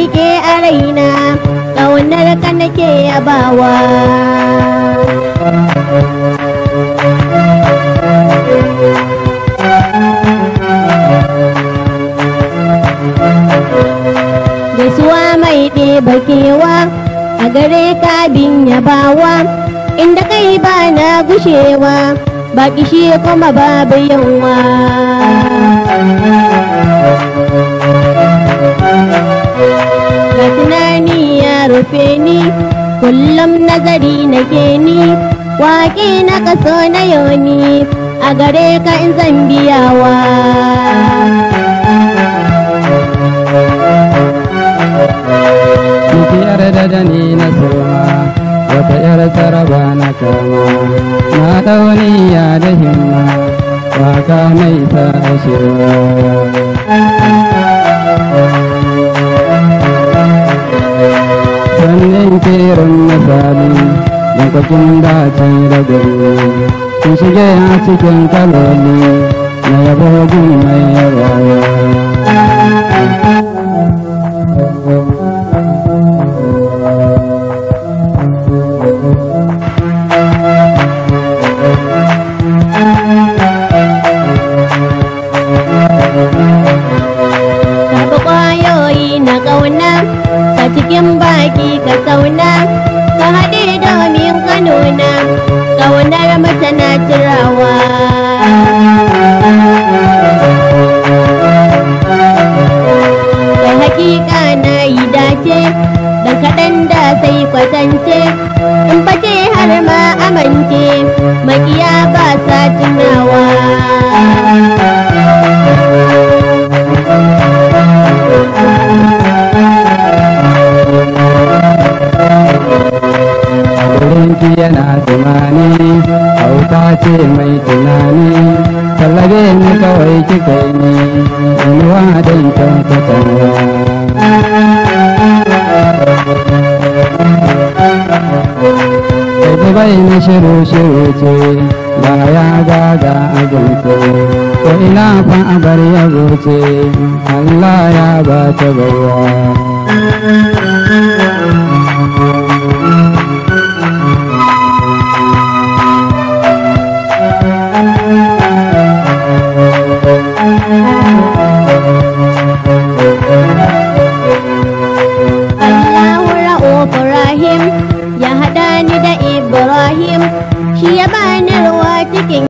rike a raina ƙaunar ka nake yabawa gaisuwa mai ɗeba kewa a gare ka bin yabawa inda kai ba na gushewa ba kishi kuma babu yawa kullum nazari na ni waƙi na kaso na yoni a gare ka in zan biyawa yarda da ni na soma wata yar taraba na kama na dauniya da himma waka mai sa shirwa sannin kerin daɗi lokacin da ce da gari sun shige a cikin kaloli na yabo mai rawa na ƙauna, ka cikin baki ka zauna haɗe domin Kano na ƙaunar mata na jirawa. Da haƙiƙa na yi dace da kaɗan da sai kwatance in fate har ma amince makiya ba sa tunawa. tunani hauta ce mai tunani tallage ni kawai kika yi ne da don ta Kai bai na shiru shiru ce ba ya gaga ajinta ko ina fa bar ya goce Allah ya ba ta shi ya bani ruwa cikin